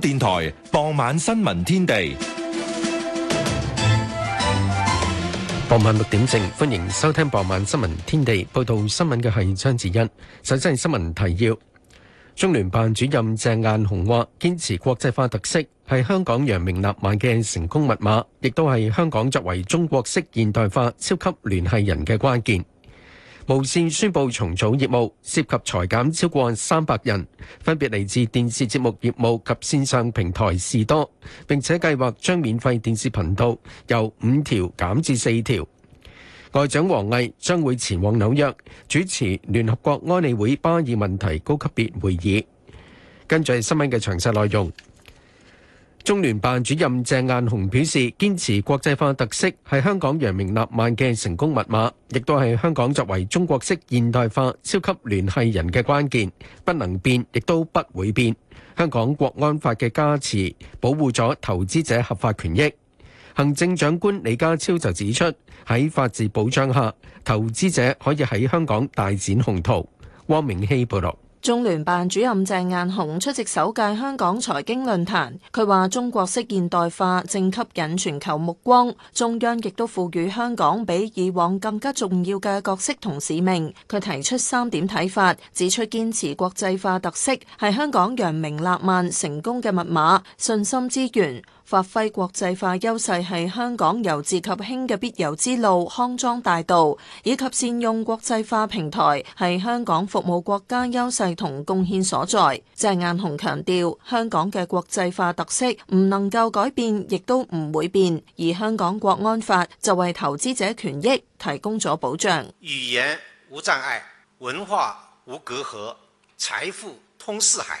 電台傍晚新聞天地，傍晚六點正，歡迎收聽傍晚新聞天地。報道新聞嘅係張子欣。首先係新聞提要：中聯辦主任鄭雁雄話，堅持國際化特色係香港揚名立萬嘅成功密碼，亦都係香港作為中國式現代化超級聯繫人嘅關鍵。無線宣佈重組業務，涉及裁減超過三百人，分別嚟自電視節目業務及線上平台士多，並且計劃將免費電視頻道由五條減至四條。外長王毅將會前往紐約，主持聯合國安理會巴以問題高級別會議。跟住係新聞嘅詳細內容。中聯辦主任鄭雁雄表示，堅持國際化特色係香港揚名立萬嘅成功密碼，亦都係香港作為中國式現代化超級聯繫人嘅關鍵，不能變，亦都不會變。香港國安法嘅加持，保護咗投資者合法權益。行政長官李家超就指出，喺法治保障下，投資者可以喺香港大展宏圖。汪明希報道。中聯辦主任鄭雁雄出席首屆香港財經論壇，佢話中國式現代化正吸引全球目光，中央亦都賦予香港比以往更加重要嘅角色同使命。佢提出三點睇法，指出堅持國際化特色係香港揚名立萬成功嘅密碼、信心之源。發揮國際化優勢係香港由自及興嘅必由之路、康莊大道，以及善用國際化平台係香港服務國家優勢同貢獻所在。鄭雁雄強調，香港嘅國際化特色唔能夠改變，亦都唔會變。而香港國安法就為投資者權益提供咗保障。語言無障礙，文化無隔閡，財富通四海。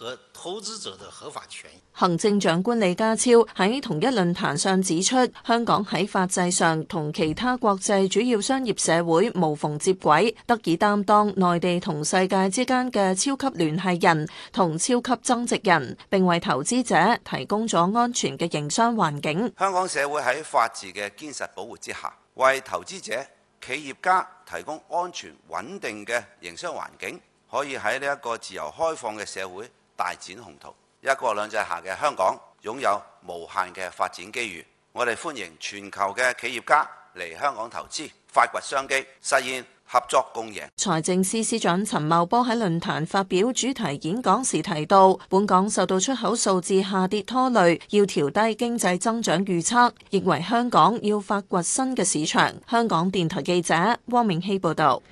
和投資者嘅合法權益。行政長官李家超喺同一論壇上指出，香港喺法制上同其他國際主要商業社會無縫接軌，得以擔當內地同世界之間嘅超級聯繫人同超級增值人，並為投資者提供咗安全嘅營商環境。香港社會喺法治嘅堅實保護之下，為投資者、企業家提供安全穩定嘅營商環境，可以喺呢一個自由開放嘅社會。大展宏圖，一國兩制下嘅香港擁有無限嘅發展機遇。我哋歡迎全球嘅企業家嚟香港投資，發掘商機，實現合作共贏。財政司司長陳茂波喺論壇發表主題演講時提到，本港受到出口數字下跌拖累，要調低經濟增長預測，認為香港要發掘新嘅市場。香港電台記者汪明熙報道。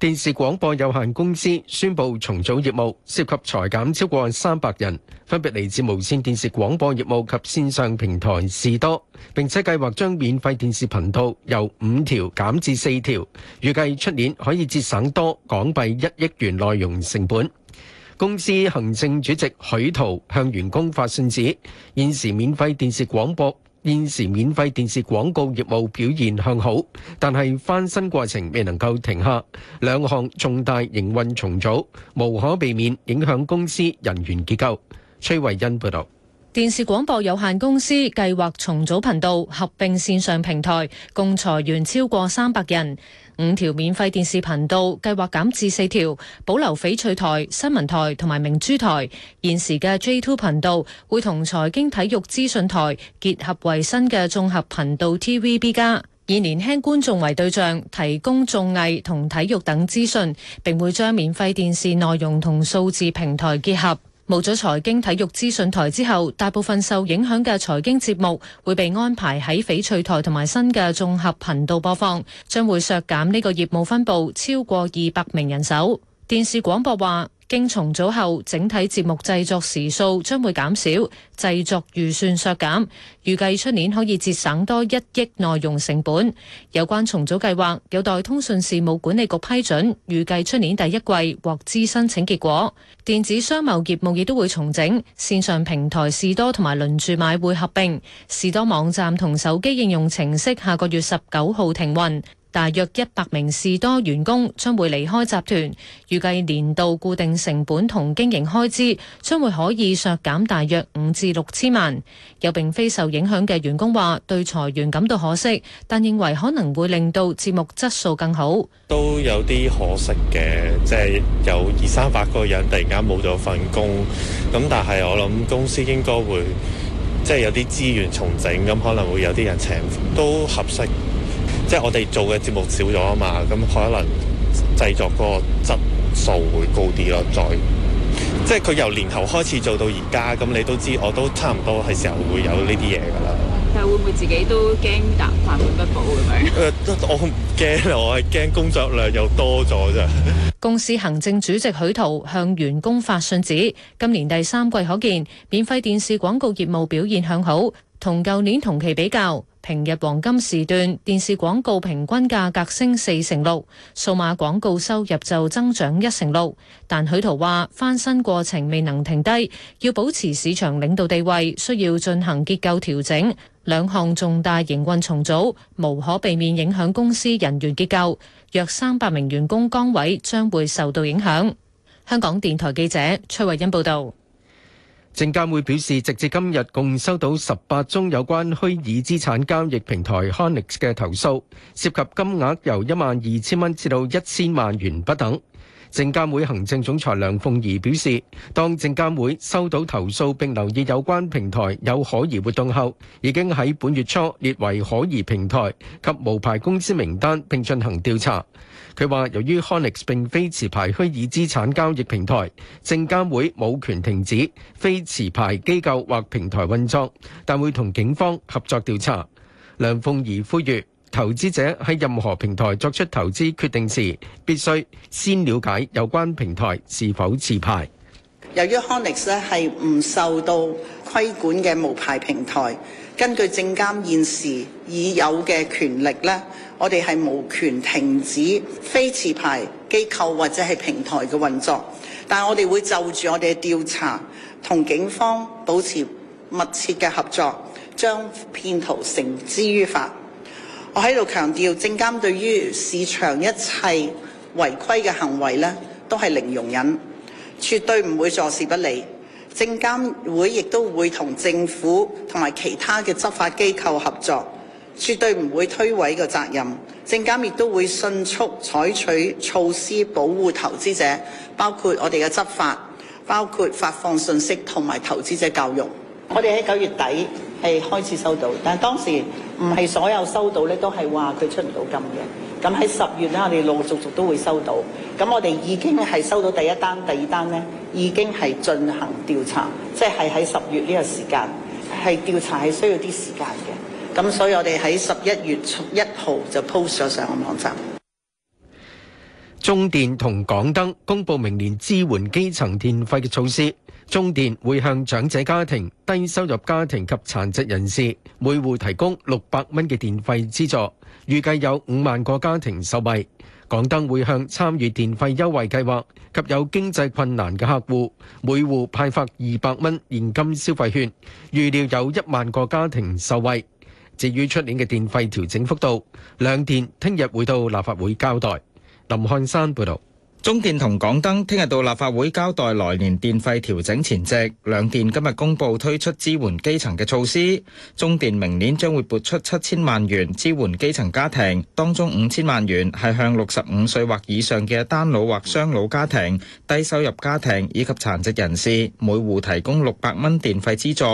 電視廣播有限公司宣布重組業務，涉及裁減超過300人，分別嚟自無線電視廣播業務及線上平台視多，並且計劃將免費電視頻道由5條減至4條，預計出年可以節省多港幣一億元內容成本。公司行政主席許濤向員工發信指，現時免費電視廣播現時免費電視廣告業務表現向好，但係翻身過程未能夠停下，兩項重大營運重組無可避免影響公司人員結構。崔慧欣報道電視廣播有限公司計劃重組頻道，合併線上平台，共裁員超過300人。五條免費電視頻道計劃減至四條，保留翡翠台、新聞台同埋明珠台。現時嘅 J2 頻道會同財經體育資訊台結合為新嘅綜合頻道 TVB 加，以年輕觀眾為對象，提供綜藝同體育等資訊，並會將免費電視內容同數字平台結合。冇咗財經體育資訊台之後，大部分受影響嘅財經節目會被安排喺翡翠台同埋新嘅綜合頻道播放，將會削減呢個業務分部超過二百名人手。電視廣播話，經重組後，整體節目製作時數將會減少，製作預算削減，預計出年可以節省多一億內容成本。有關重組計劃有待通訊事務管理局批准，預計出年第一季獲知申請結果。電子商貿業務亦都會重整，線上平台士多同埋輪住買會合併，士多網站同手機應用程式下個月十九號停運。大約一百名士多員工將會離開集團，預計年度固定成本同經營開支將會可以削減大約五至六千萬。有並非受影響嘅員工話對裁員感到可惜，但認為可能會令到節目質素更好。都有啲可惜嘅，即係有二三百個人突然間冇咗份工。咁但係我諗公司應該會即係有啲資源重整，咁可能會有啲人請都合適。即係我哋做嘅節目少咗啊嘛，咁可能製作嗰個質素，素會高啲咯。再即係佢由年頭開始做到而家，咁你都知，我都差唔多係時候會有呢啲嘢噶啦。但係會唔會自己都驚答飯碗不保咁樣？誒、呃，我唔驚，我係驚工作量又多咗啫。 公司行政主席許濤向員工發信指，今年第三季可見免費電視廣告業務表現向好，同舊年同期比較。平日黃金時段電視廣告平均價格升四成六，數碼廣告收入就增長一成六。但許圖話：翻身過程未能停低，要保持市場領導地位，需要進行結構調整。兩項重大營運重組無可避免影響公司人員結構，約三百名員工崗位將會受到影響。香港電台記者崔慧欣報導。證監會表示，直至今日共收到十八宗有關虛擬資產交易平台 HONIX 嘅投訴，涉及金額由一萬二千蚊至到一千萬元不等。證監會行政總裁梁鳳儀表示，當證監會收到投訴並留意有關平台有可疑活動後，已經喺本月初列為可疑平台及無牌公司名單，並進行調查。佢話：由於 Connex 並非持牌虛擬資產交易平台，證監會冇權停止非持牌機構或平台運作，但會同警方合作調查。梁鳳儀呼籲投資者喺任何平台作出投資決定時，必須先了解有關平台是否持牌。由於 Connex 呢係唔受到規管嘅無牌平台。根據證監現時已有嘅權力呢，我哋係無權停止非持牌機構或者係平台嘅運作，但我哋會就住我哋嘅調查同警方保持密切嘅合作，將騙徒繩之於法。我喺度強調，證監對於市場一切違規嘅行為呢，都係零容忍，絕對唔會坐視不理。證監會亦都會同政府同埋其他嘅執法機構合作，絕對唔會推諉個責任。證監亦都會迅速採取措施保護投資者，包括我哋嘅執法，包括發放信息同埋投資者教育。我哋喺九月底係開始收到，但當時唔係所有收到咧都係話佢出唔到金嘅。咁喺十月咧，我哋陸陸續續都會收到。咁我哋已經係收到第一單、第二單咧，已經係進行調查，即係喺十月呢個時間，係調查係需要啲時間嘅。咁所以我哋喺十一月初一號就 post 咗上個網站。中電同港燈公布明年支援基層電費嘅措施。中電會向長者家庭、低收入家庭及殘疾人士每戶提供六百蚊嘅電費資助，預計有五萬個家庭受惠。港燈會向參與電費優惠計劃及有經濟困難嘅客戶每戶派發二百蚊現金消費券，預料有一萬個家庭受惠。至於出年嘅電費調整幅度，兩電聽日會到立法會交代。林漢山報道，中電同港燈聽日到立法會交代來年電費調整前夕。兩電今日公布推出支援基層嘅措施，中電明年將會撥出七千萬元支援基層家庭，當中五千萬元係向六十五歲或以上嘅單老或雙老家庭、低收入家庭以及殘疾人士，每戶提供六百蚊電費資助，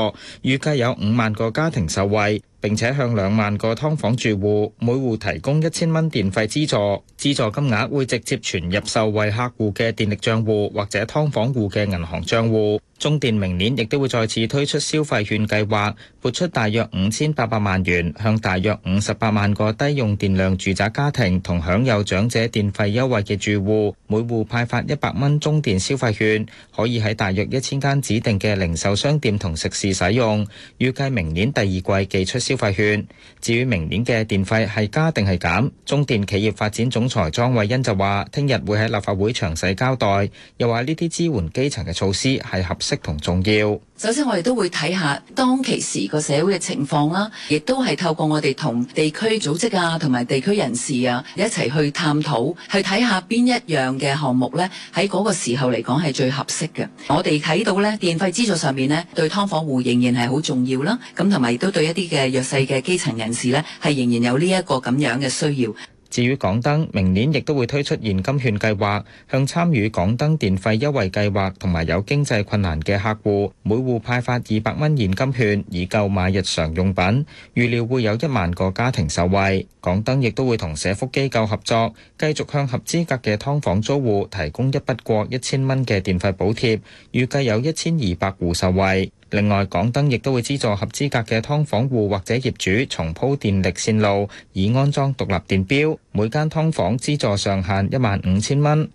預計有五萬個家庭受惠。並且向兩萬個劏房住戶每戶提供一千蚊電費資助，資助金額會直接存入受惠客戶嘅電力賬戶或者劏房戶嘅銀行賬戶。中電明年亦都會再次推出消費券計劃，撥出大約五千八百萬元，向大約五十八萬個低用電量住宅家庭同享有長者電費優惠嘅住戶，每戶派發一百蚊中電消費券，可以喺大約一千間指定嘅零售商店同食肆使用。預計明年第二季寄出消費券。至於明年嘅電費係加定係減，中電企業發展總裁莊偉茵就話：聽日會喺立法會詳細交代。又話呢啲支援基層嘅措施係合適同重要。首先，我哋都會睇下當其時個社會嘅情況啦，亦都係透過我哋同地區組織啊，同埋地區人士啊一齊去探討，去睇下邊一樣嘅項目呢。喺嗰個時候嚟講係最合適嘅。我哋睇到呢，電費資助上面呢，對劏房戶仍然係好重要啦。咁同埋亦都對一啲嘅弱勢嘅基層人士呢，係仍然有呢一個咁樣嘅需要。至於港燈，明年亦都會推出現金券計劃，向參與港燈電費優惠計劃同埋有經濟困難嘅客戶，每戶派發二百蚊現金券以購買日常用品。預料會有一萬個家庭受惠。港燈亦都會同社福機構合作，繼續向合資格嘅劏房租戶提供一筆過一千蚊嘅電費補貼，預計有一千二百戶受惠。另外，港燈亦都會資助合資格嘅劏房戶或者業主重鋪電力線路，以安裝獨立電表。每間劏房資助上限15000。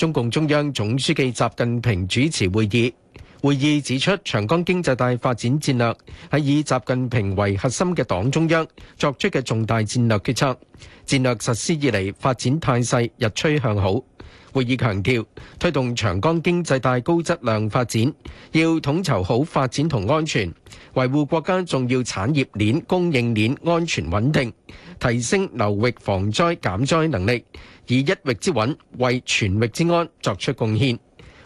中共中央總書記習近平主持會議，會議指出長江經濟帶發展戰略係以習近平為核心嘅黨中央作出嘅重大戰略決策，戰略實施以嚟發展態勢日趨向好。會議強調，推動長江經濟帶高質量發展，要統籌好發展同安全，維護國家重要產業鏈、供應鏈安全穩定，提升流域防災減災能力，以一域之穩為全域之安作出貢獻。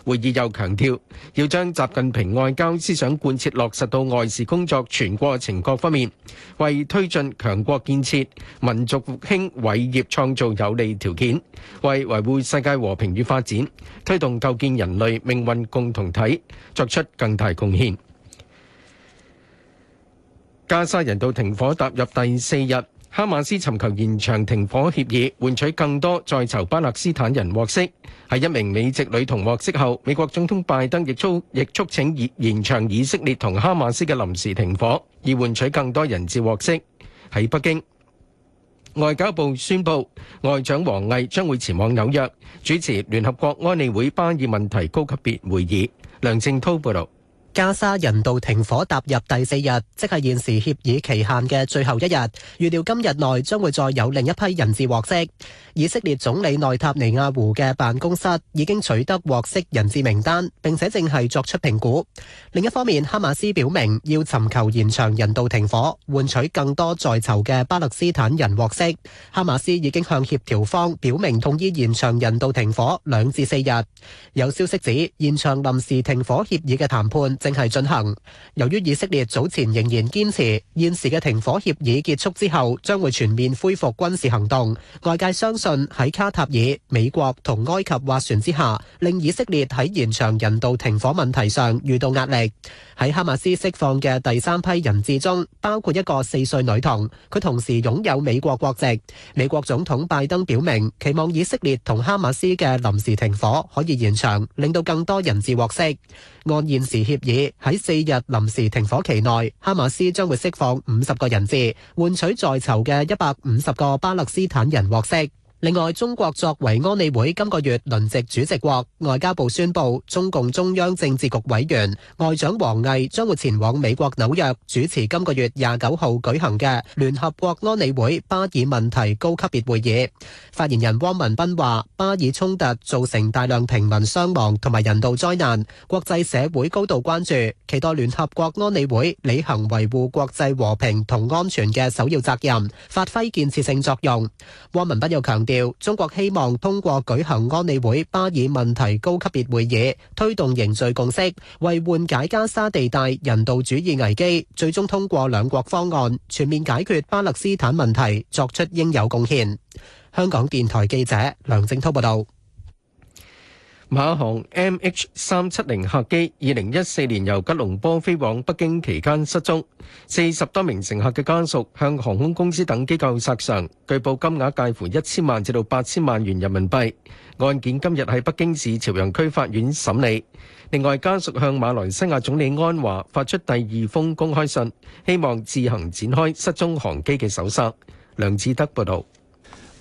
會議又強調，要將習近平外交思想貫徹落實到外事工作全過程各方面，為推進強國建設、民族復興偉業創造有利條件，為維護世界和平與發展，推動構建人類命運共同體，作出更大貢獻。加沙人道停火踏入第四日，哈馬斯尋求延長停火協議，換取更多在囚巴勒斯坦人獲釋。喺一名美籍女童獲釋後，美國總統拜登亦促亦促請延長以色列同哈馬斯嘅臨時停火，以換取更多人質獲釋。喺北京，外交部宣布，外長王毅將會前往紐約，主持聯合國安理會巴以問題高級別會議。梁正滔報道。加沙人道停火踏入第四日，即係現時協議期限嘅最後一日。預料今日內將會再有另一批人質獲釋。以色列總理內塔尼亞胡嘅辦公室已經取得獲釋人質名單，並且正係作出評估。另一方面，哈馬斯表明要尋求延長人道停火，換取更多在囚嘅巴勒斯坦人獲釋。哈馬斯已經向協調方表明同意延長人道停火兩至四日。有消息指，延長臨時停火協議嘅談判。正係進行。由於以色列早前仍然堅持現時嘅停火協議結束之後將會全面恢復軍事行動，外界相信喺卡塔爾、美國同埃及斡旋之下，令以色列喺延長人道停火問題上遇到壓力。喺哈馬斯釋放嘅第三批人質中，包括一個四歲女童，佢同時擁有美國國籍。美國總統拜登表明，期望以色列同哈馬斯嘅臨時停火可以延長，令到更多人質獲釋。按現時協議。喺四日臨時停火期內，哈馬斯將會釋放五十個人質，換取在囚嘅一百五十個巴勒斯坦人獲釋。另外，中國作為安理會今個月輪值主席國，外交部宣布，中共中央政治局委員、外長王毅將會前往美國紐約主持今個月廿九號舉行嘅聯合國安理會巴以問題高級別會議。發言人汪文斌話：巴以衝突造成大量平民傷亡同埋人道災難，國際社會高度關注，期待聯合國安理會履行維護國際和平同安全嘅首要責任，發揮建設性作用。汪文斌又強調，中國希望通過舉行安理會巴以問題高級別會議，推動凝聚共識，為緩解加沙地帶人道主義危機，最終通過兩國方案，全面解決巴勒斯坦問題，作出應有貢獻。香港電台記者梁正濤報道。馬航 MH 370客機於2014年由吉隆坡飛往北京期間失蹤40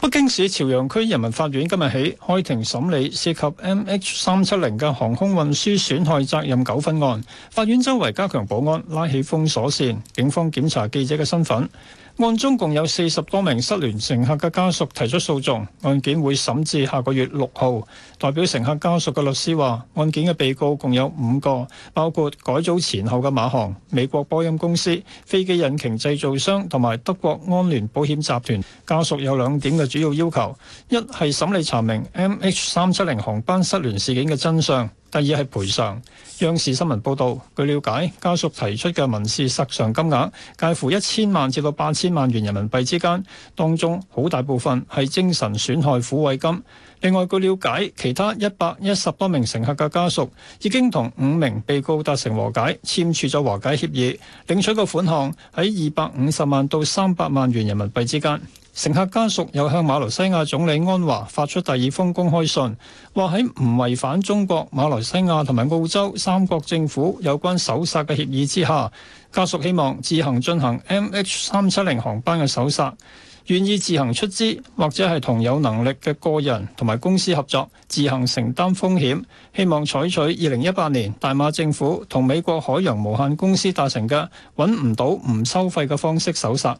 北京市朝陽區人民法院今日起開庭審理涉及 MH 三七零嘅航空運輸損害責任糾紛案，法院周圍加強保安，拉起封鎖線，警方檢查記者嘅身份。案中共有四十多名失聯乘客嘅家屬提出訴訟，案件會審至下個月六號。代表乘客家屬嘅律師話，案件嘅被告共有五個，包括改組前後嘅馬航、美國波音公司、飛機引擎製造商同埋德國安聯保險集團。家屬有兩點嘅主要要求，一係審理查明 MH 三七零航班失聯事件嘅真相。第二係賠償。央視新聞報導，據了解，家屬提出嘅民事賠償金額介乎一千萬至到八千萬元人民幣之間，當中好大部分係精神損害撫慰金。另外，據了解，其他一百一十多名乘客嘅家屬已經同五名被告達成和解，簽署咗和解協議，領取個款項喺二百五十萬到三百萬元人民幣之間。乘客家屬又向馬來西亞總理安華發出第二封公開信，話喺唔違反中國、馬來西亞同埋澳洲三國政府有關搜殺嘅協議之下，家屬希望自行進行 MH 三七零航班嘅搜殺，願意自行出資或者係同有能力嘅個人同埋公司合作，自行承擔風險，希望採取二零一八年大馬政府同美國海洋無限公司達成嘅揾唔到唔收費嘅方式搜殺。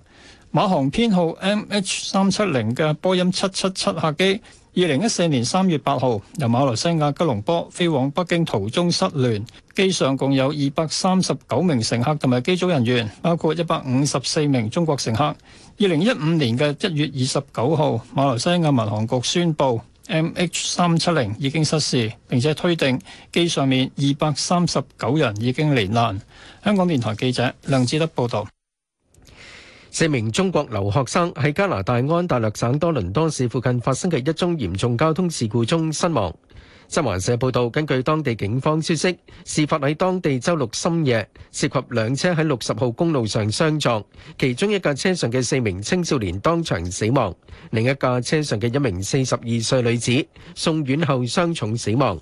馬航編號 M H 三七零嘅波音七七七客機，二零一四年三月八號由馬來西亞吉隆坡飛往北京途中失聯，機上共有二百三十九名乘客同埋機組人員，包括一百五十四名中國乘客。二零一五年嘅一月二十九號，馬來西亞民航局宣布 M H 三七零已經失事，並且推定機上面二百三十九人已經罹難。香港電台記者梁志德報道。四名中國留學生喺加拿大安大略省多倫多市附近發生嘅一宗嚴重交通事故中身亡。新華社報道，根據當地警方消息，事發喺當地週六深夜，涉及兩車喺六十號公路上相撞，其中一架車上嘅四名青少年當場死亡，另一架車上嘅一名四十二歲女子送院後傷重死亡。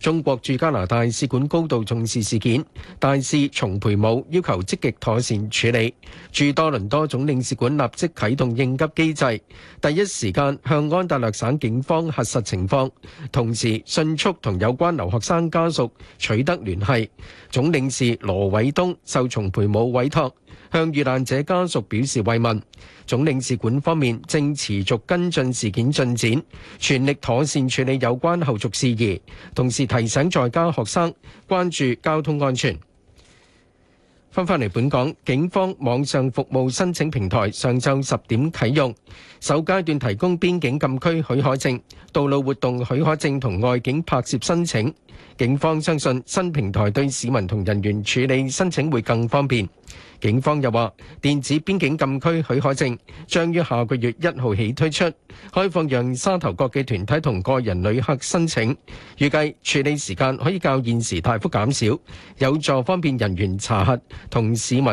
中國駐加拿大使館高度重視事件，大使叢培武要求積極妥善處理。駐多倫多總領事館立即啟動應急機制，第一時間向安大略省警方核實情況，同時迅速同有關留學生家屬取得聯繫。總領事羅偉東受叢培武委託，向遇難者家屬表示慰問，總領事館方面正持續跟進事件進展，全力妥善處理有關後續事宜，同時提醒在家學生關注交通安全。翻返嚟本港，警方網上服務申請平台上晝十點啟用，首階段提供邊境禁區許可證、道路活動許可證同外景拍攝申請。警方相信新平台對市民同人員處理申請會更方便。警方又話，電子邊境禁區許可證將於下個月一號起推出，開放讓沙頭角嘅團體同個人旅客申請，預計處理時間可以較現時大幅減少，有助方便人員查核。同市民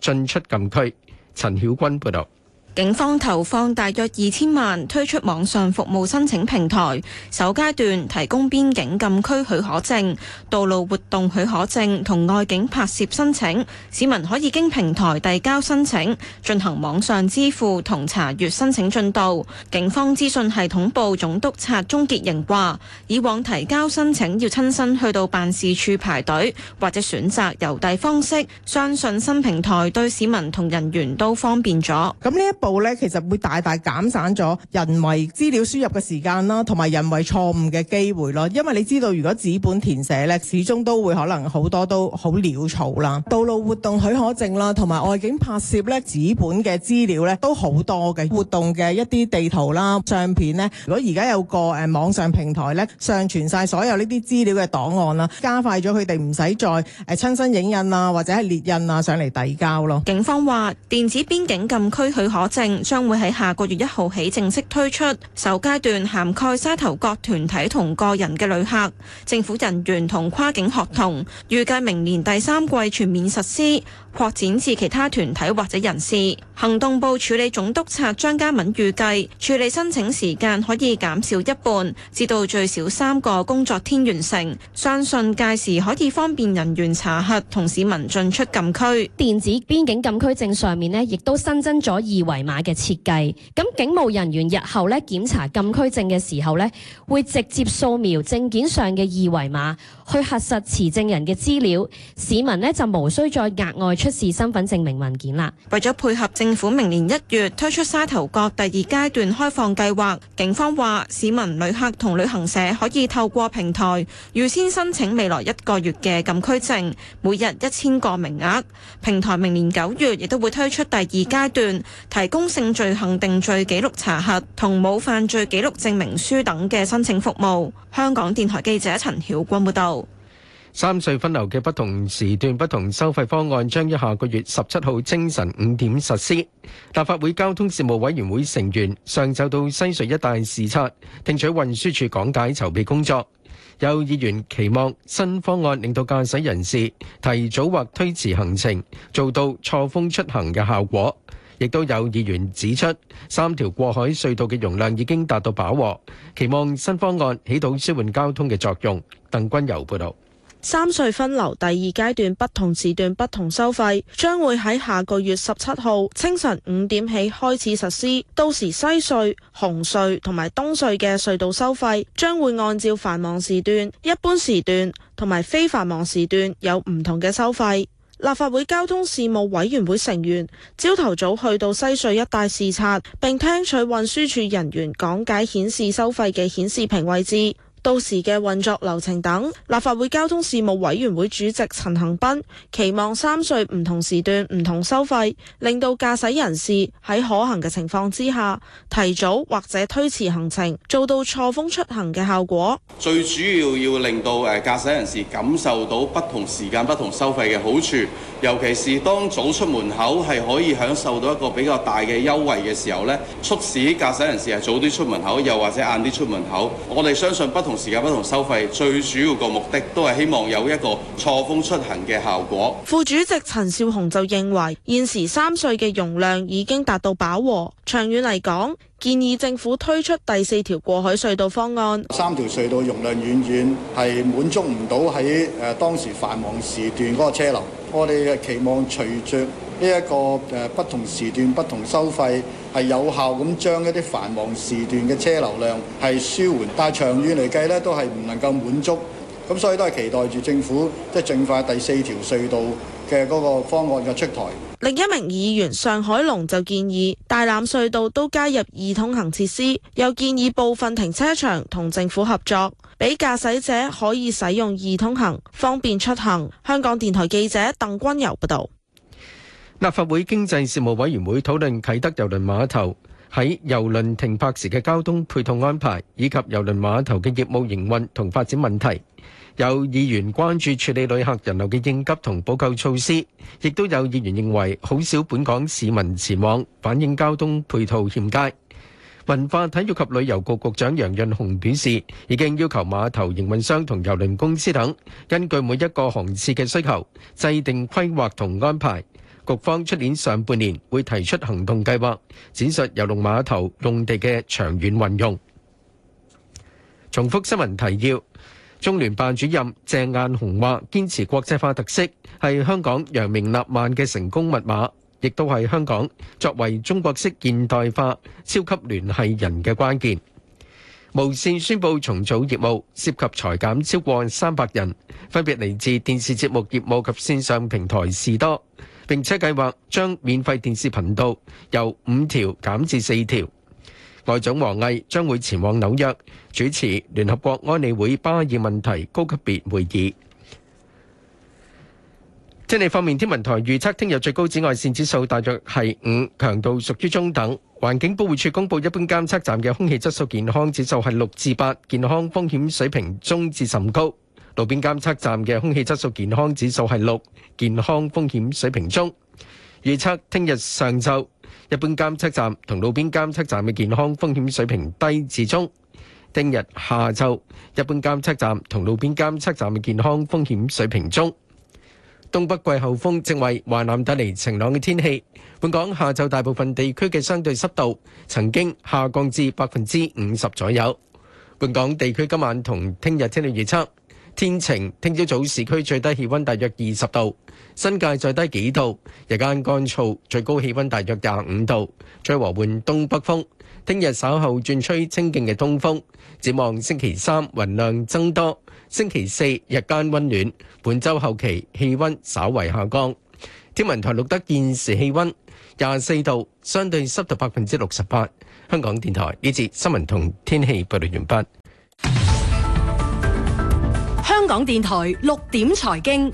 進出禁區，陳曉君報道。警方投放大約二千萬，推出網上服務申請平台。首階段提供邊境禁區許可證、道路活動許可證同外景拍攝申請，市民可以經平台遞交申請、進行網上支付同查閱申請進度。警方資訊系統部總督察鐘傑瑩話，以往提交申請要親身去到辦事處排隊，或者選擇郵遞方式。相信新平台對市民同人員都方便咗。咁呢部咧，其實會大大減省咗人為資料輸入嘅時間啦，同埋人為錯誤嘅機會咯。因為你知道，如果紙本填寫咧，始終都會可能好多都好潦草啦。道路活動許可證啦，同埋外景拍攝咧，紙本嘅資料咧都好多嘅活動嘅一啲地圖啦、相片呢。如果而家有個誒網上平台咧，上傳晒所有呢啲資料嘅檔案啦，加快咗佢哋唔使再誒親身影印啊，或者係列印啊上嚟遞交咯。警方話電子邊境禁區許可，正將會喺下個月一號起正式推出，首階段涵蓋沙頭角團體同個人嘅旅客，政府人員同跨境學童，預計明年第三季全面實施。擴展至其他團體或者人士。行動部處理總督察張家敏預計處理申請時間可以減少一半，至到最少三個工作天完成。相信屆時可以方便人員查核同市民進出禁區。電子邊境禁區證上面呢，亦都新增咗二維碼嘅設計。咁警務人員日後呢，檢查禁區證嘅時候呢，會直接掃描證件上嘅二維碼，去核實持證人嘅資料。市民呢，就無需再額外，出示身份證明文件啦。為咗配合政府明年一月推出沙頭角第二階段開放計劃，警方話市民旅客同旅行社可以透過平台預先申請未來一個月嘅禁區證，每日一千個名額。平台明年九月亦都會推出第二階段，提供性罪行定罪記錄查核同冇犯罪記錄證明書等嘅申請服務。香港電台記者陳曉君報道。三隧分流嘅不同時段、不同收費方案將於下個月十七號清晨五點實施。立法會交通事務委員會成員上晝到西隧一帶視察，聽取運輸署講解籌備工作。有議員期望新方案令到駕駛人士提早或推遲行程，做到錯峯出行嘅效果。亦都有議員指出，三條過海隧道嘅容量已經達到飽和，期望新方案起到舒緩交通嘅作用。鄧君柔報道。三隧分流第二階段不同時段不同收費，將會喺下個月十七號清晨五點起開始實施。到時西隧、紅隧同埋東隧嘅隧道收費，將會按照繁忙時段、一般時段同埋非繁忙時段有唔同嘅收費。立法會交通事務委員會成員朝頭早去到西隧一帶視察，並聽取運輸署人員講解顯示收費嘅顯示屏位置。到時嘅運作流程等，立法會交通事務委員會主席陳恒鑌期望三隧唔同時段唔同收費，令到駕駛人士喺可行嘅情況之下，提早或者推遲行程，做到錯峰出行嘅效果。最主要要令到誒駕駛人士感受到不同時間不同收費嘅好處，尤其是當早出門口係可以享受到一個比較大嘅優惠嘅時候咧，促使駕駛人士係早啲出門口，又或者晏啲出門口。我哋相信不同。同時間不同收費，最主要個目的都係希望有一個錯峰出行嘅效果。副主席陳少雄就認為，現時三隧嘅容量已經達到飽和，長遠嚟講。建議政府推出第四條過海隧道方案。三條隧道容量遠遠係滿足唔到喺誒當時繁忙時段嗰個車流。我哋期望隨着呢一個誒不同時段不同收費，係有效咁將一啲繁忙時段嘅車流量係舒緩。但係長遠嚟計呢都係唔能夠滿足。咁所以都係期待住政府即係盡快第四條隧道嘅嗰個方案嘅出台。另一名議員尚海龍就建議大欖隧道都加入二通行設施，又建議部分停車場同政府合作，俾駕駛者可以使用二通行，方便出行。香港電台記者鄧君游報道。立法會經濟事務委員會討論啟德郵輪碼頭喺郵輪停泊時嘅交通配套安排，以及郵輪碼頭嘅業務營運同發展問題。有議員關注處理旅客人流嘅應急同補救措施，亦都有議員認為好少本港市民前往，反映交通配套欠佳。中聯辦主任鄭雁雄話堅持國際化特色係香港揚名立萬嘅成功密碼，亦都係香港作為中國式現代化超級聯繫人嘅關鍵。無綫宣佈重組業務，涉及裁減超過300人，分別嚟自電視節目業務及線上平台視多，並且計劃將免費電視頻道由五條減至四條。外長王毅將會前往紐約主持聯合國安理會巴以問題高級別會議。經理方面，天文台預測聽日最高紫外綫指數大約是5一般監測站同路邊監測站嘅健康風險水平低至中。聽日下晝，一般監測站同路邊監測站嘅健康風險水平中。東北季候風正為華南帶嚟晴朗嘅天氣，本港下晝大部分地區嘅相對濕度曾經下降至百分之五十左右。本港地區今晚同聽日天氣預測。天晴，聽朝早，早市區最低氣温大約二十度，新界再低幾度。日間乾燥，最高氣温大約廿五度，吹和緩東北風。聽日稍後轉吹清勁嘅東風。展望星期三雲量增多，星期四日間温暖。本週後期氣温稍為下降。天文台錄得現時氣温廿四度，相對濕度百分之六十八。香港電台呢節新聞同天氣報道完畢。香港電台六點財經，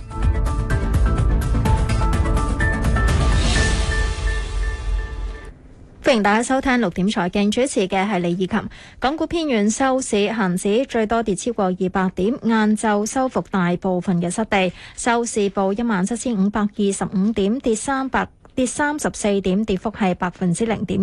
歡迎大家收聽六點財經，主持嘅係李以琴。港股偏遠收市，恒指最多跌超過二百點，晏晝收復大部分嘅失地，收市報一萬七千五百二十五點，跌三百。跌三十四點，跌幅係百分之零點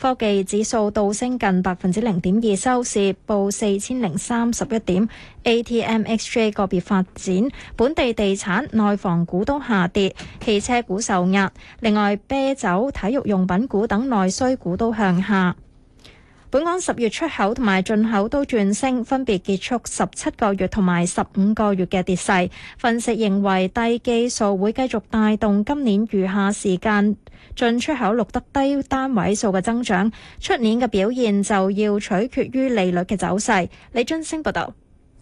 二。科技指數倒升近百分之零點二，收市報四千零三十一點。ATMXJ 個別發展，本地地產、內房股都下跌，汽車股受壓。另外，啤酒、體育用品股等內需股都向下。本港十月出口同埋進口都轉升，分別結束十七個月同埋十五個月嘅跌勢。分析認為，低基數會繼續帶動今年餘下時間進出口錄得低單位數嘅增長，出年嘅表現就要取決於利率嘅走勢。李津升報道。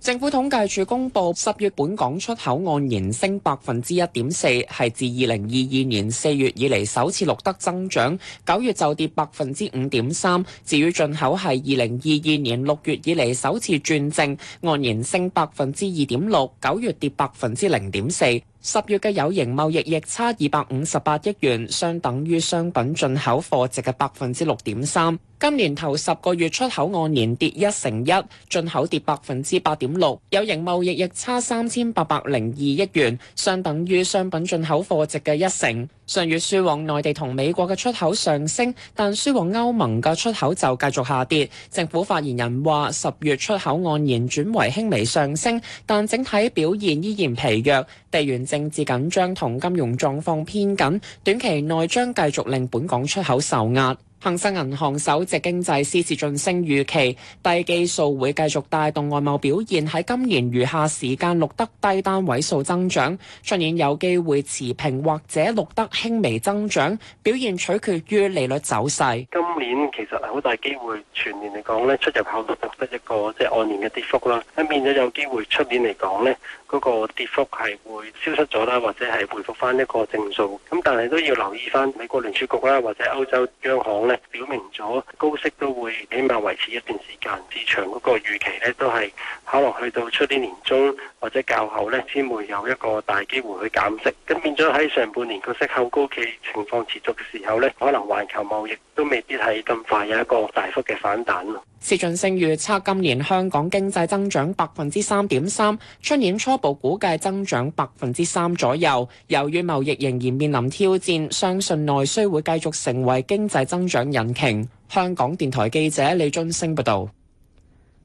政府統計處公布，十月本港出口按年升百分之一點四，係自二零二二年四月以嚟首次錄得增長。九月就跌百分之五點三。至於進口係二零二二年六月以嚟首次轉正，按年升百分之二點六，九月跌百分之零點四。十月嘅有形貿易逆差二百五十八億元，相等於商品進口貨值嘅百分之六點三。今年頭十個月出口按年跌一成一，進口跌百分之八點六，有形貿易逆差三千八百零二億元，相等於商品進口貨值嘅一成。上月輸往內地同美國嘅出口上升，但輸往歐盟嘅出口就繼續下跌。政府發言人話：十月出口按年轉為輕微上升，但整體表現依然疲弱。地緣政治緊張同金融狀況偏緊，短期內將繼續令本港出口受壓。恒生銀行首席經濟師薛俊昇預期，低基數會繼續帶動外貿表現喺今年餘下時間錄得低單位數增長，出年有機會持平或者錄得輕微增長，表現取決於利率走勢。今年其實係好大機會，全年嚟講呢出入口都錄得一個即係按年嘅跌幅啦，咁變咗有機會出年嚟講呢嗰個跌幅係會消失咗啦，或者係回復翻一個正數。咁但係都要留意翻美國聯儲局啦，或者歐洲央行，表明咗高息都會起碼維持一段時間，市場嗰個預期呢都係可能去到出年年中或者較後呢，先會有一個大機會去減息，咁變咗喺上半年個息口高企情況持續嘅時候呢，可能環球貿易都未必係咁快有一個大幅嘅反彈。薛俊升預測，今年香港經濟增長百分之三點三，出年初步估計增長百分之三左右。由於貿易仍然面臨挑戰，相信內需會繼續成為經濟增長引擎。香港電台記者李俊升報道。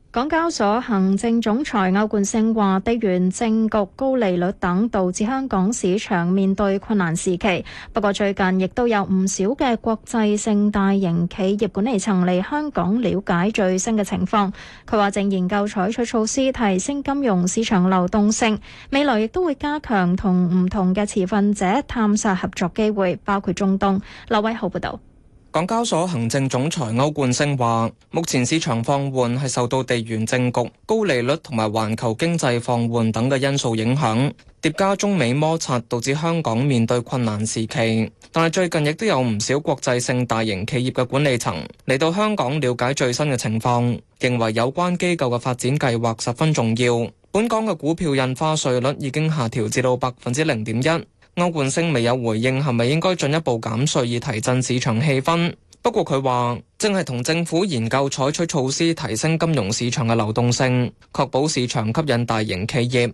港交所行政總裁歐冠昇話，地緣政局、高利率等導致香港市場面對困難時期。不過最近亦都有唔少嘅國際性大型企業管理層嚟香港了解最新嘅情況。佢話正研究採取措施提升金融市場流動性，未來亦都會加強同唔同嘅持份者探索合作機會，包括中東。劉偉豪報道。港交所行政總裁歐冠升話：目前市場放緩係受到地緣政局、高利率同埋環球經濟放緩等嘅因素影響，疊加中美摩擦導致香港面對困難時期。但係最近亦都有唔少國際性大型企業嘅管理層嚟到香港了解最新嘅情況，認為有關機構嘅發展計劃十分重要。本港嘅股票印花稅率已經下調至到百分之零點一。歐冠星未有回應，係咪應該進一步減稅以提振市場氣氛？不過佢話正係同政府研究採取措施提升金融市場嘅流動性，確保市場吸引大型企業。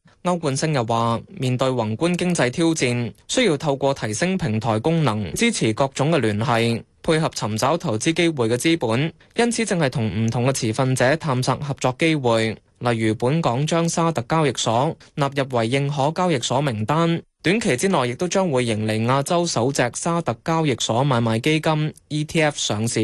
歐冠昇又話：面對宏觀經濟挑戰，需要透過提升平台功能，支持各種嘅聯繫，配合尋找投資機會嘅資本。因此，正係同唔同嘅持份者探索合作機會，例如本港將沙特交易所納入為認可交易所名單，短期之內亦都將會迎嚟亞洲首隻沙特交易所買賣基金 （ETF） 上市。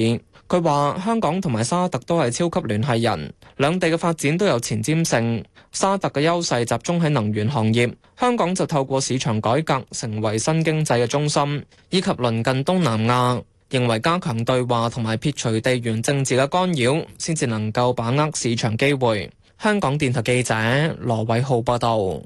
佢話：香港同埋沙特都係超級聯繫人。兩地嘅發展都有前瞻性。沙特嘅優勢集中喺能源行業，香港就透過市場改革成為新經濟嘅中心，以及鄰近東南亞，認為加強對話同埋撇除地緣政治嘅干擾，先至能夠把握市場機會。香港電台記者羅偉浩報道。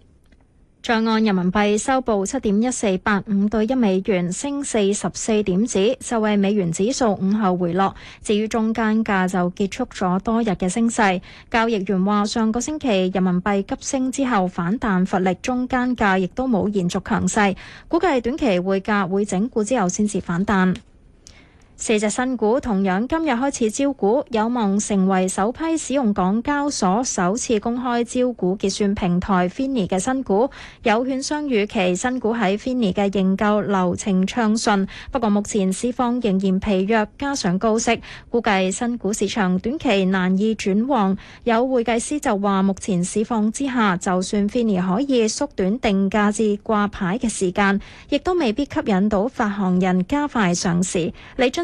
在岸人民幣收報七點一四八五對一美元，升四十四點子，受惠美元指數午後回落。至於中間價就結束咗多日嘅升勢。交易員話：上個星期人民幣急升之後反彈乏力，中間價亦都冇延續強勢，估計短期匯價會整固之後先至反彈。四隻新股同樣今日開始招股，有望成為首批使用港交所首次公開招股結算平台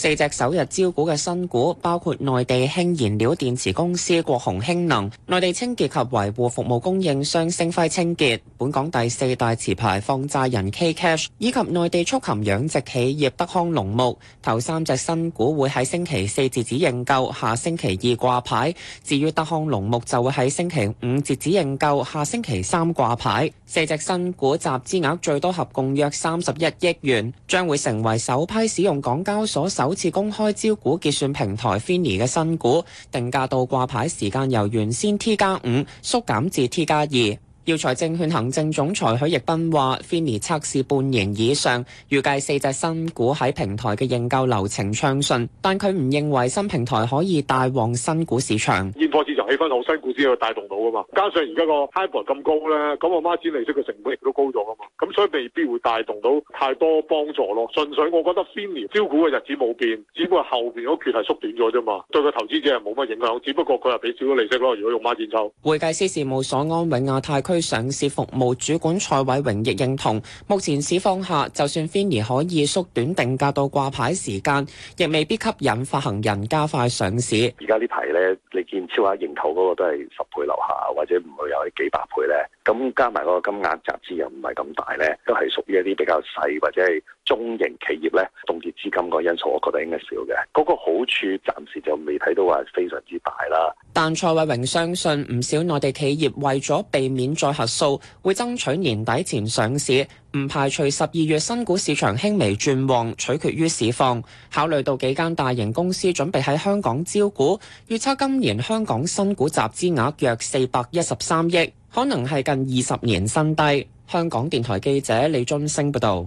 四隻首日招股嘅新股包括內地氫燃料電池公司國鴻氫能、內地清潔及維護服務供應商星輝清潔、本港第四大持牌放債人 K Cash 以及內地畜禽養殖企業，企業德康農牧。頭三隻新股會喺星期四截止認購，下星期二掛牌；至於德康農牧就會喺星期五截止認購，下星期三掛牌。四隻新股集資額最多合共約三十一億元，將會成為首批使用港交所首好似公開招股結算平台 FINI 嘅新股定價到掛牌時間，由原先 T 加五縮減至 T 加二。耀財證券行政總裁許奕斌話 FINI 測試半年以上，預計四隻新股喺平台嘅認購流程暢順，但佢唔認為新平台可以帶旺新股市場。現貨市場氣氛好，新股先去帶動到噶嘛？加上而家個 HIBOR 咁高咧，咁我孖展利息嘅成本亦都高咗噶嘛？咁所以未必會帶動到太多幫助咯。純粹我覺得 FINI 招股嘅日子冇變，只不過後邊嗰橛係縮短咗啫嘛。對個投資者係冇乜影響，只不過佢係俾少咗利息咯。如果用孖展抽，會計師事務所安永亞太區。上市服務主管蔡偉榮亦認同，目前市況下，就算 FINI 可以縮短定價到掛牌時間，亦未必吸引發行人加快上市。而家呢排咧，你見超額認購嗰個都係十倍樓下，或者唔會有幾百倍咧。咁加埋嗰個金額集資又唔係咁大咧，都係屬於一啲比較細或者係中型企業咧，凍結資金嗰個因素，我覺得應該少嘅。嗰個好處暫時就未睇到話非常之大啦。但蔡慧榮相信唔少內地企業為咗避免再核數，會爭取年底前上市。唔排除十二月新股市場輕微轉旺，取決於市況。考慮到幾間大型公司準備喺香港招股，預測今年香港新股集資額約四百一十三億，可能係近二十年新低。香港電台記者李俊升報道。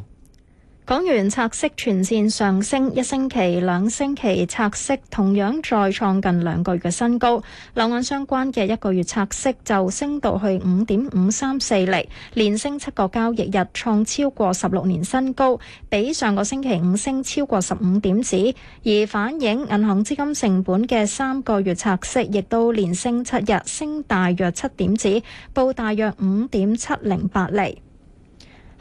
港元拆息全線上升，一星期、兩星期拆息同樣再創近兩個月嘅新高。樓按相關嘅一個月拆息就升到去五點五三四厘，連升七個交易日，創超過十六年新高，比上個星期五升超過十五點子。而反映銀行資金成本嘅三個月拆息亦都連升七日，升大約七點子，報大約五點七零八厘。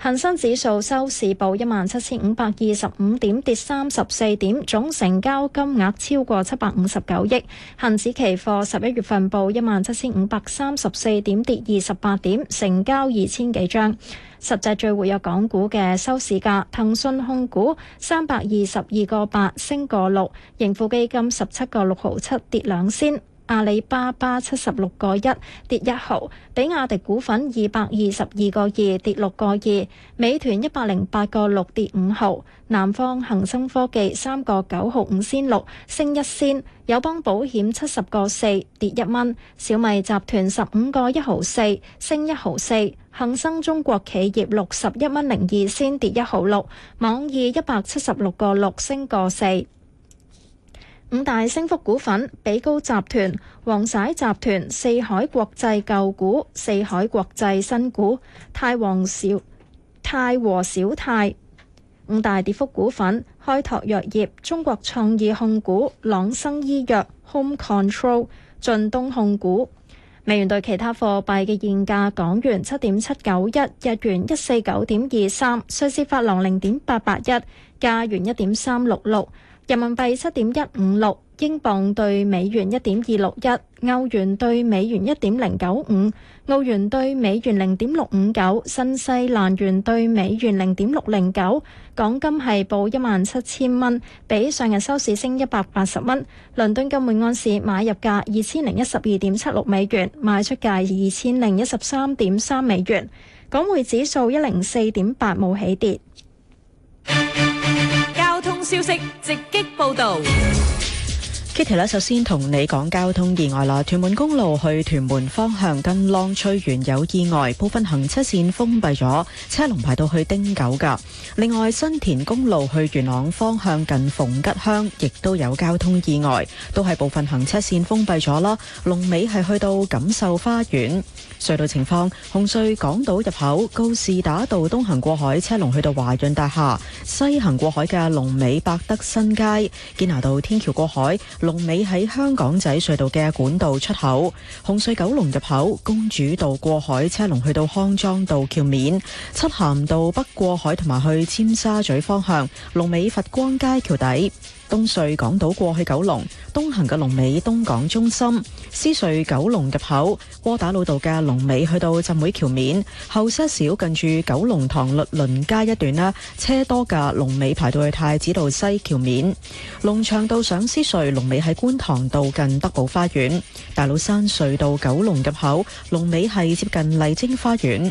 恒生指數收市報一萬七千五百二十五點，跌三十四點，總成交金額超過七百五十九億。恒指期貨十一月份報一萬七千五百三十四點，跌二十八點，成交二千幾張。十隻最活躍港股嘅收市價，騰訊控股三百二十二個八升個六，盈富基金十七個六毫七跌兩仙。阿里巴巴七十六個一跌一毫，比亞迪股份二百二十二個二跌六個二，美團一百零八個六跌五毫，南方恒生科技三個九毫五仙六升一仙，友邦保險七十個四跌一蚊，小米集團十五個一毫四升一毫四，恒生中國企業六十一蚊零二仙跌一毫六，網易一百七十六個六升個四。五大升幅股份：比高集團、皇璽集團、四海國際舊股、四海國際新股、泰皇小泰和小泰。五大跌幅股份：開拓藥業、中國創意控股、朗生醫藥、Home Control、進東控股。美元對其他貨幣嘅現價：港元七點七九一，日元一四九點二三，瑞士法郎零點八八一，加元一點三六六。人民幣七點一五六，英鎊兌美元一點二六一，歐元兌美元一點零九五，澳元兌美元零點六五九，新西蘭元兌美元零點六零九。港金係報一萬七千蚊，比上日收市升一百八十蚊。倫敦金每盎司買入價二千零一十二點七六美元，賣出價二千零一十三點三美元。港匯指數一零四點八，冇起跌。消息直擊報道。呢條呢，首先同你講交通意外啦。屯門公路去屯門方向近浪翠園有意外，部分行車線封閉咗，車龍排到去汀九噶。另外，新田公路去元朗方向近鳳吉鄉，亦都有交通意外，都係部分行車線封閉咗啦。龍尾係去到錦繡花園。隧道情況，紅隧港島入口告士打道東行過海，車龍去到華潤大廈；西行過海嘅龍尾百德新街，堅拿道天橋過海。龍尾喺香港仔隧道嘅管道出口，紅隧九龍入口，公主道過海車龍去到康莊道橋面，漆咸道北過海同埋去尖沙咀方向，龍尾佛光街橋底。東隧港島過去九龍東行嘅龍尾東港中心，獅隧九龍入口窩打老道嘅龍尾去到浸會橋面後，少少近住九龍塘律倫街一段啦，車多嘅龍尾排到去太子道西橋面，龍翔道上獅隧龍尾喺觀塘道近德寶花園，大老山隧道九龍入口龍尾係接近麗晶花園。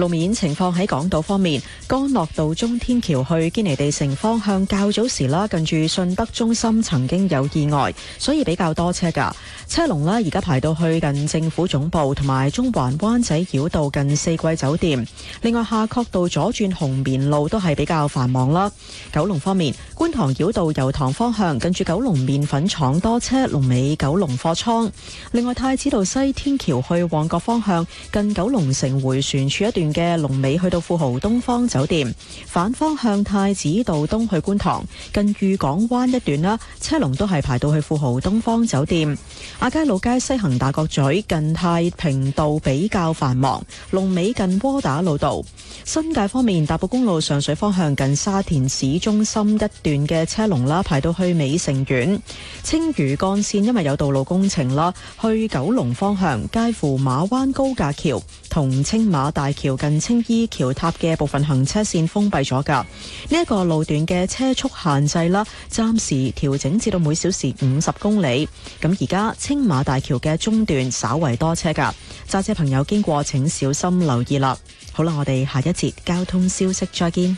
路面情況，喺港島方面，干諾道中天橋去堅尼地城方向較早時啦，近住信德中心曾經有意外，所以比較多車噶，車龍咧而家排到去近政府總部同埋中環灣仔繞道近四季酒店。另外，夏慤道左轉紅棉路都係比較繁忙啦。九龍方面，觀塘繞道油塘方向近住九龍麵粉廠多車，龍尾九龍貨倉。另外，太子道西天橋去旺角方向近九龍城回旋處一段。嘅龍尾去到富豪東方酒店，反方向太子道東去觀塘，近御港灣一段啦，車龍都係排到去富豪東方酒店。亞皆老街西行大角咀近太平道比較繁忙，龍尾近窩打路道。新界方面，大埔公路上水方向近沙田市中心一段嘅車龍啦，排到去美城苑，青嶼幹線，因為有道路工程啦，去九龍方向，介乎馬灣高架橋同青馬大橋。近青衣橋塔嘅部分行車線封閉咗噶，呢一個路段嘅車速限制啦，暫時調整至到每小時五十公里。咁而家青馬大橋嘅中段稍為多車噶，揸車朋友經過請小心留意啦。好啦，我哋下一節交通消息再見。